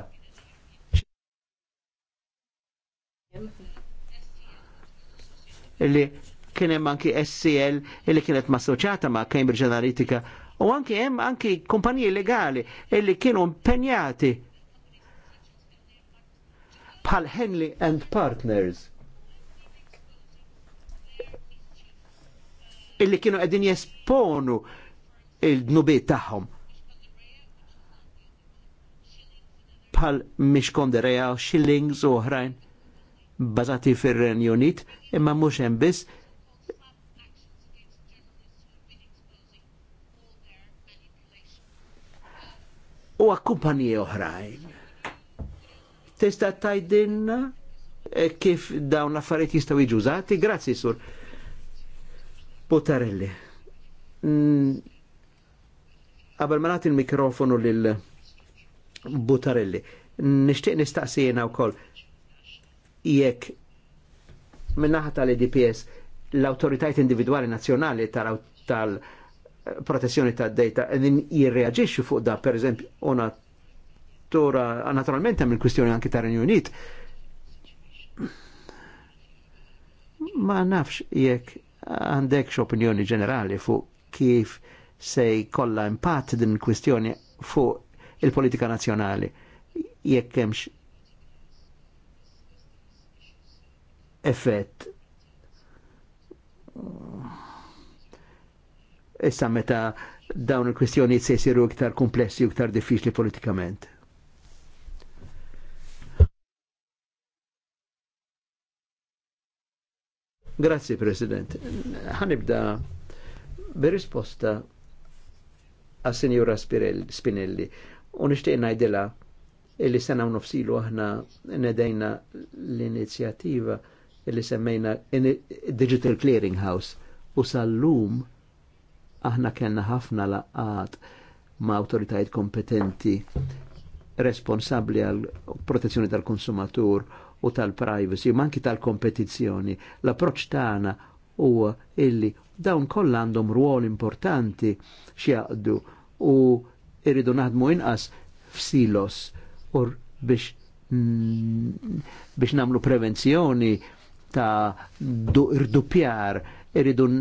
Illi kienem anki SCL illi kienet ma' soċata ma' Cambridge Analytica U anki hemm anki kumpaniji legali illi kienu impenjati bħal Henley and Partners illi kienu għedin jesponu il-dnubiet tagħhom. Bħal mhix kondereja shillings u oħrajn bażati fir-Renju imma mhux hemm biss u akkumpanije oħrajn. Testa tajdinna eh, kif dawn l-affarijiet jistgħu jiġu użati? Grazzi, Sur. Potarelli. Mm. Qabel ma nagħti il-mikrofonu lil Butarelli, nixtieq nistaqsijena wkoll jekk minnaħa tal-EDPS l-autoritajt individuali nazzjonali tal-, -tal protezzjoni ta' data e din jirreagġixxu fuq da per eżempju ona tora naturalment hemm il-kwistjoni anki ta' Renju Unit. Ma nafx jekk għandekx opinjoni ġenerali fuq kif se jkollha impatt din kwistjoni fuq il-politika nazzjonali jekk hemmx effett issa meta dawn il-kwistjoni se iktar komplessi u iktar diffiċli politikament. Grazzi, President. Ħanibda bir-risposta għas-Sinjura Spinelli u nishtiq ngħidilha illi sena u nofsilu aħna nedajna l inizjativa illi semmejna Digital Clearing House u sal-lum Aħna kellna ħafna laqat ma' autoritajiet kompetenti responsabli għal protezzjoni tal-konsumatur u tal-privacy, ma tal-kompetizzjoni. L-approċ tagħna huwa illi dawn kollha għandhom ruol importanti x'jaqdu u irridu naħdmu inqas f'silos u biex biex namlu prevenzjoni ta' irdupjar irridu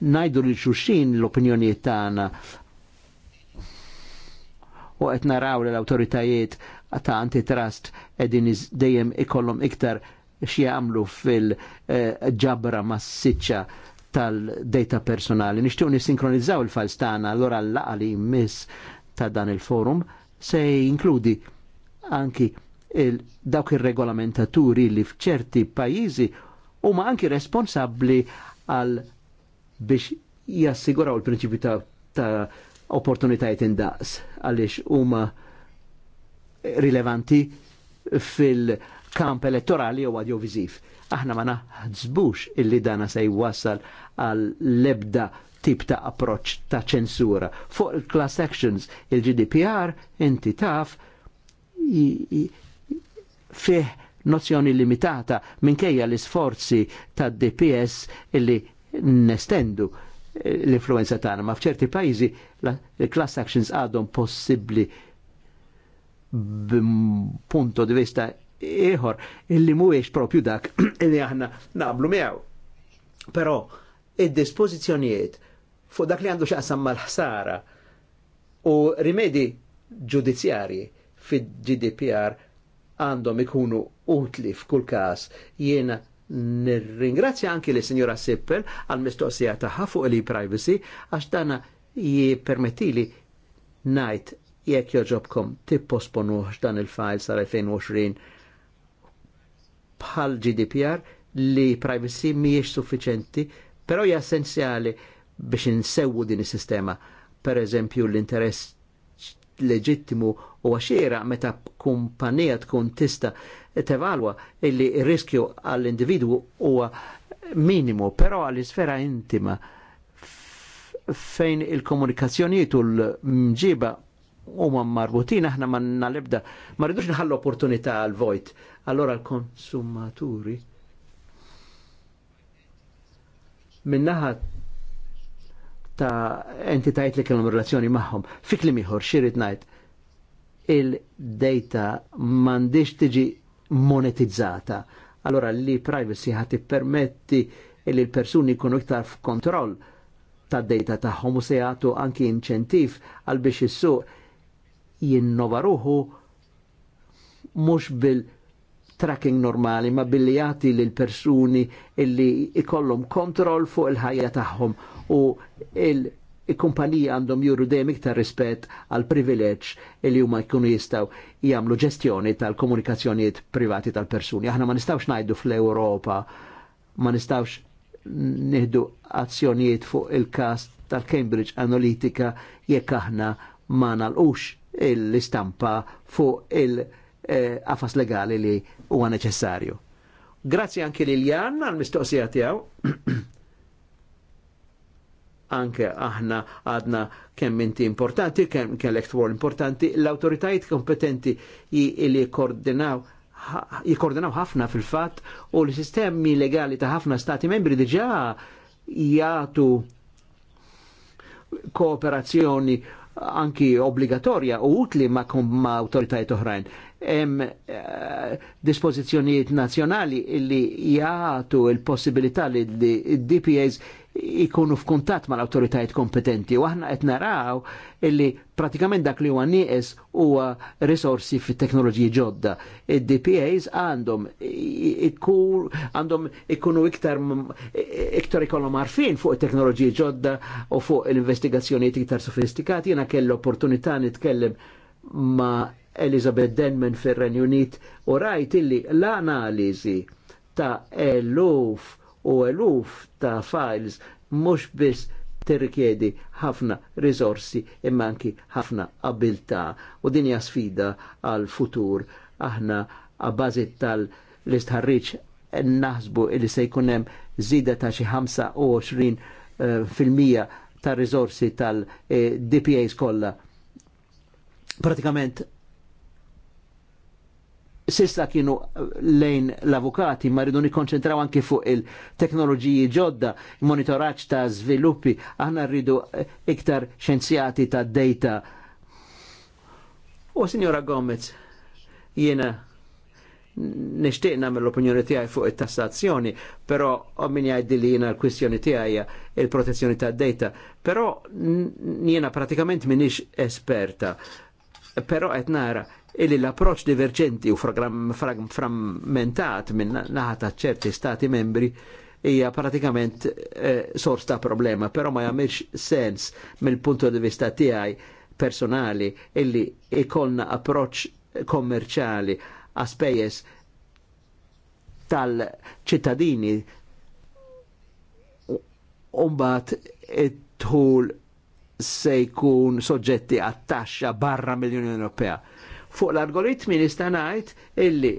najdu li xuxin l opinjoni tagħna u qed naraw li l-awtoritajiet ta' antitrust qegħdin dejjem ikollhom iktar għamlu fil-ġabra ma' siċċa tal-data personali. Nixtieq nisinkronizzaw il-files l allura l laqali li ta' dan il-forum se jinkludi anki il dawk ir-regolamentaturi li f'ċerti pajjiżi huma anki responsabbli għal biex jassiguraw il-prinċipju ta', ta opportunitajiet indaqs għaliex huma rilevanti fil-kamp elettorali u għadjoviziv. Aħna ma naħdżbux illi dana se jwassal għal lebda tip ta' approċ ta' ċensura. Fuq il-class actions, il-GDPR, inti taf, fih nozzjoni limitata minkejja l-isforzi ta' DPS illi nestendu eh, l-influenza tagħna, ma f'ċerti pajjiżi l-class actions għadhom possibbli b'punto di vista ieħor illi mhuwiex propju dak (clears throat) illi aħna naqblu miegħu. Però id-dispożizzjonijiet fuq dak li għandu x'aqsam mal-ħsara u rimedi ġudizzjarji fid-GDPR għandhom ikunu utli f'kull każ jiena Nirringrazzja anki li signora Sippel għal mistoqsija tagħha fuq li privacy għax dana jippermettili najt jekk joġobkom tipposponuħ dan il file sal-2020 bħal GDPR li privacy miex suffiċenti, però hija essenzjali biex insewwu din is-sistema. Per eżempju l-interess leġittimu u għaxira meta kumpanija tkun tista' tevalwa illi il-riskju għall-individwu huwa minimu, però għall-isfera intima fejn il-komunikazzjonijiet u l-mġiba huma marbutin aħna ma nalibda ma rridux nħallu opportunità għal vojt. Allora l-konsumaturi minnaħa ta' entitajiet li kellhom relazzjoni magħhom. Fik li ieħor xirid ngħid il-data m'għandix tiġi monetizzata. Allora li privacy ħat permetti li l-persuni jkunu iktar f'kontroll ta' data tagħhom u se jagħtu anki inċentiv għal biex is-suq jinnova ruħu mhux bil-tracking normali ma billi jagħti lil persuni illi ikollhom kontroll fuq il-ħajja tagħhom u il- il-kumpanija għandhom juru dejjem iktar rispett għal privileġġ li huma jkunu jistgħu jagħmlu ġestjoni tal-komunikazzjonijiet privati tal-persuni. Aħna ma nistgħux ngħidu fl-Ewropa ma nistgħux nieħdu azzjonijiet fuq il-każ tal-Cambridge Analytica jekk aħna ma nalqux l-istampa fuq il-qafas legali li huwa neċessarju. Grazzi anke lil Jan għal-mistoqsija tiegħu. (clears throat) anke aħna għadna kemm inti importanti, kemm kellek twol importanti, l-autoritajiet kompetenti li koordinaw jikordinaw ħafna fil-fat u l-sistemi legali ta' ħafna stati membri diġa jgħatu kooperazzjoni anki obbligatorja u utli ma' autoritajiet oħrajn hemm eh, dispożizzjonijiet nazzjonali li jagħtu l-possibilità li d-DPAs ikunu f'kuntatt mal autoritajiet kompetenti u aħna qed naraw illi pratikament dak li huwa nieqes huwa risorsi fit-teknoloġiji ġodda. Id-DPAs għandhom għandhom ikunu iktar iktar ikollhom għarfien fuq it-teknoloġiji ġodda u fuq l-investigazzjonijiet iktar sofistikati. Jena kell opportunità nitkellem ma' Elizabeth Denman fir-Renju Unit u rajt illi l-analiżi ta' eluf u eluf ta' files mhux biss tirrikjedi ħafna risorsi imma anki ħafna abilta u dinja sfida għal futur aħna għabbażi tal-istħarriċ naħsbu li se jkun hemm zida ta' xi 25 eh, fil-mija ta' risorsi tal-DPAs eh, kollha. Pratikament sissa kienu lejn l-avukati ma rridu nikkonċentraw anki fuq il-teknoloġiji ġodda, monitoraġġ ta' sviluppi, aħna rridu eh, iktar xenzjati ta' data. U Signora Gomez, jiena nishtiq namel l-opinjoni tiegħi fuq it-tassazzjoni, però min jgħiddi li jiena l-kwistjoni tiegħi il-protezzjoni tad data, però jiena pratikament minix esperta, però qed nara illi l-approċ diverġenti u frammentat minn naħa ċerti stati membri hija pratikament eh, sors ta' problema, però ma jagħmilx sens mill-punto di vista tiegħi personali illi ikolna approċ kommerċali għaspejjes tal-ċittadini umbat it-tħul se jkun soġġetti għat-taxxa barra mill-Unjoni Ewropea. Fuq l-algoritmi nista' ngħid illi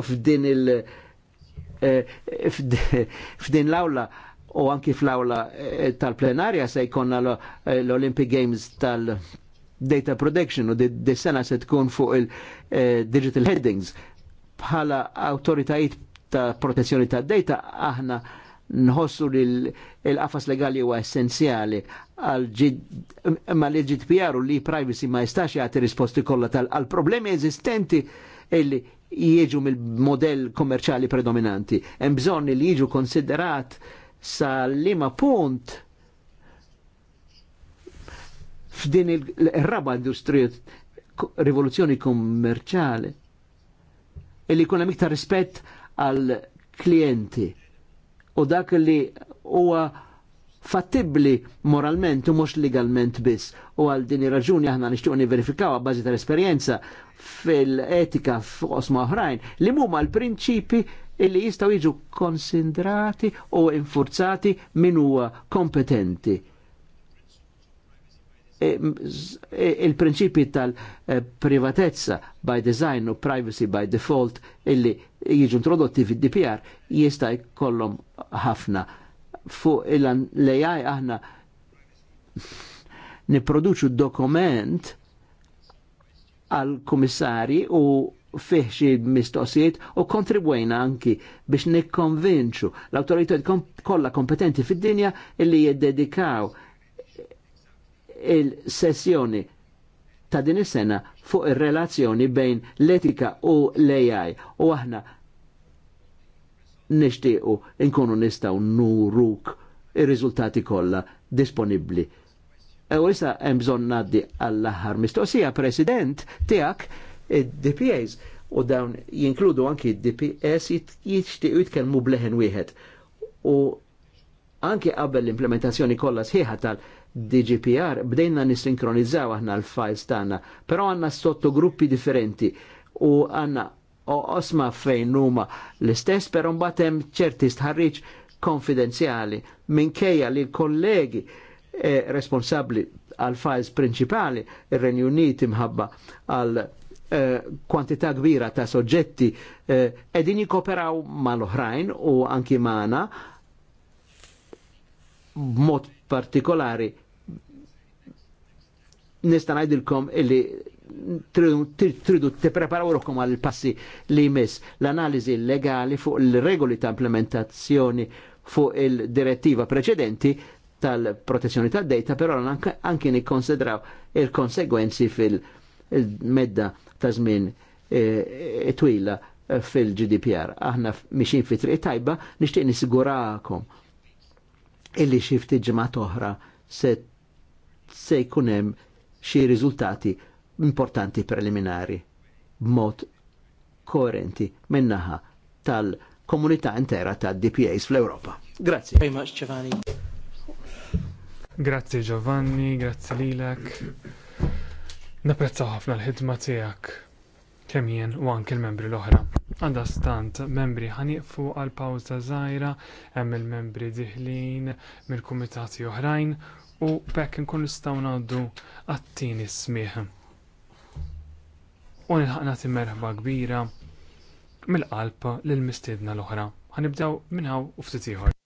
f'din il- eh, f'din l-awla u anki fl-awla eh, tal-plenarja se jkonna eh, l-Olympic Games tal- data protection u dis-sena se tkun fuq il-digital headings bħala autoritajiet ta' protezzjoni ta' data aħna nħossu li l-qafas legali huwa essenzjali għal ma l-GDPR u li privacy ma jistax jagħti risposti kollha tal-problemi eżistenti illi jieġu mill-modell kommerċali predominanti. Hemm bżonn li jiġu konsiderat sa lima punt f'din il-raba industrija rivoluzzjoni kommerċali illi jkun hemm iktar rispett għal klienti u dak li huwa fattibli moralment u mhux legalment biss. U għal din ir-raġuni aħna nixtiequ niverifikaw bażi tal-esperjenza fil-etika f'osma oħrajn li huma l-prinċipi illi jistgħu jiġu konsidrati u infurzati min huwa kompetenti E, e, il-prinċipi tal-privatezza by design u privacy by default illi jiġu introdotti fid-DPR jistaj kollom ħafna. Fuq l-AI aħna (laughs) niproduċu dokument għal komissari u fih mistoqsijiet u kontribwejna anki biex nikkonvinċu l-autoritajiet kollha kompetenti fid-dinja illi jiddedikaw il-sessjoni ta' din is-sena fuq ir-relazzjoni bejn l-etika u l-AI u aħna nixtiequ nkunu nistgħu nuruk ir-riżultati kollha disponibbli. E u issa hemm bżonn ngħaddi għall-aħħar mistoqsija President tiegħek id-DPAs u dawn jinkludu anki id-DPS jixtiequ jitkellmu bleħen wieħed. U anki qabel l-implementazzjoni kollha sħiħa tal- DGPR bdejna nisinkronizzaw aħna l-files tagħna, però għandna sottogruppi differenti u għandna osma fejn huma l-istess, però mbagħad hemm ċerti stħarriġ konfidenzjali minkejja li kollegi eh, responsabbli għal files prinċipali ir-Renju Uniti mħabba għal eh, kwantità kbira ta' soġġetti eh, edin jikoperaw mal-oħrajn u anki maħna b'mod partikolari nista' ngħidilkom illi tridu tippreparaw għal passi li jmiss l-analiżi legali fuq il-regoli ta' implementazzjoni fuq il-direttiva preċedenti tal-protezzjoni tad data però anke nikkonsidraw il-konsegwenzi fil-medda ta' żmien e, e, twila fil-GDPR. Aħna mixin fi triq tajba, nixtieq nisigurakom illi xifti ġemma ġimgħat oħra se se jkun hemm xi riżultati importanti preliminari b'mod koerenti minnaħa tal-komunità intera tad-DPAs fl europa Grazzi. Very much, Giovanni. Grazzi Giovanni, grazie lilek. Napprezza ħafna l-ħidma tiegħek kemm jien u anke l-membri l-oħra. Għanda stant membri ħaniqfu għal pawza zaħira, hemm il-membri diħlin mill-kumitati oħrajn u bekk nkun nistgħu ngħaddu għat-tieni smih. U nilħaq nagħti merħba kbira mill-qalb lill mistiedna l-oħra. Ħanibdew minn hawn u ftit ieħor.